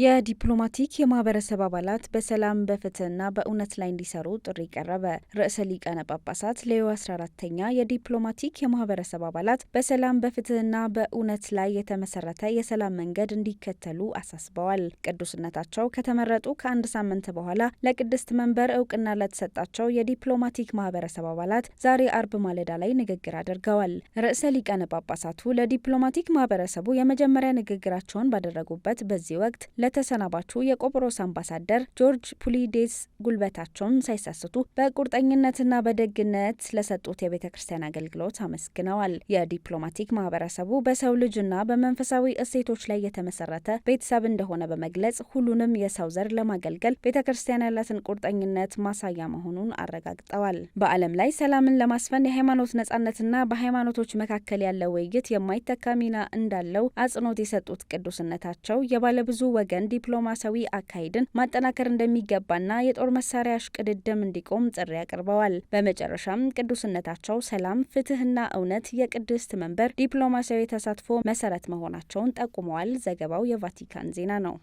የዲፕሎማቲክ የማህበረሰብ አባላት በሰላም በፍትህና በእውነት ላይ እንዲሰሩ ጥሪ ቀረበ። ርዕሰ ሊቃነ ጳጳሳት ሌዮ 14ተኛ የዲፕሎማቲክ የማህበረሰብ አባላት በሰላም በፍትህና በእውነት ላይ የተመሰረተ የሰላም መንገድ እንዲከተሉ አሳስበዋል። ቅዱስነታቸው ከተመረጡ ከአንድ ሳምንት በኋላ ለቅድስት መንበር እውቅና ለተሰጣቸው የዲፕሎማቲክ ማህበረሰብ አባላት ዛሬ አርብ ማለዳ ላይ ንግግር አድርገዋል። ርዕሰ ሊቃነ ጳጳሳቱ ለዲፕሎማቲክ ማህበረሰቡ የመጀመሪያ ንግግራቸውን ባደረጉበት በዚህ ወቅት ለተሰናባቹ የቆጵሮስ አምባሳደር ጆርጅ ፑሊዴስ ጉልበታቸውን ሳይሳስቱ በቁርጠኝነትና በደግነት ለሰጡት የቤተ ክርስቲያን አገልግሎት አመስግነዋል። የዲፕሎማቲክ ማህበረሰቡ በሰው ልጅና በመንፈሳዊ እሴቶች ላይ የተመሰረተ ቤተሰብ እንደሆነ በመግለጽ ሁሉንም የሰው ዘር ለማገልገል ቤተ ክርስቲያን ያላትን ቁርጠኝነት ማሳያ መሆኑን አረጋግጠዋል። በዓለም ላይ ሰላምን ለማስፈን የሃይማኖት ነጻነትና በሃይማኖቶች መካከል ያለ ውይይት የማይተካ ሚና እንዳለው አጽንኦት የሰጡት ቅዱስነታቸው የባለብዙ ወገን ወገን ዲፕሎማሲያዊ አካሄድን ማጠናከር እንደሚገባና የጦር መሳሪያ እሽቅድድም እንዲቆም ጥሪ አቅርበዋል። በመጨረሻም ቅዱስነታቸው ሰላም፣ ፍትህና እውነት የቅድስት መንበር ዲፕሎማሲያዊ ተሳትፎ መሰረት መሆናቸውን ጠቁመዋል። ዘገባው የቫቲካን ዜና ነው።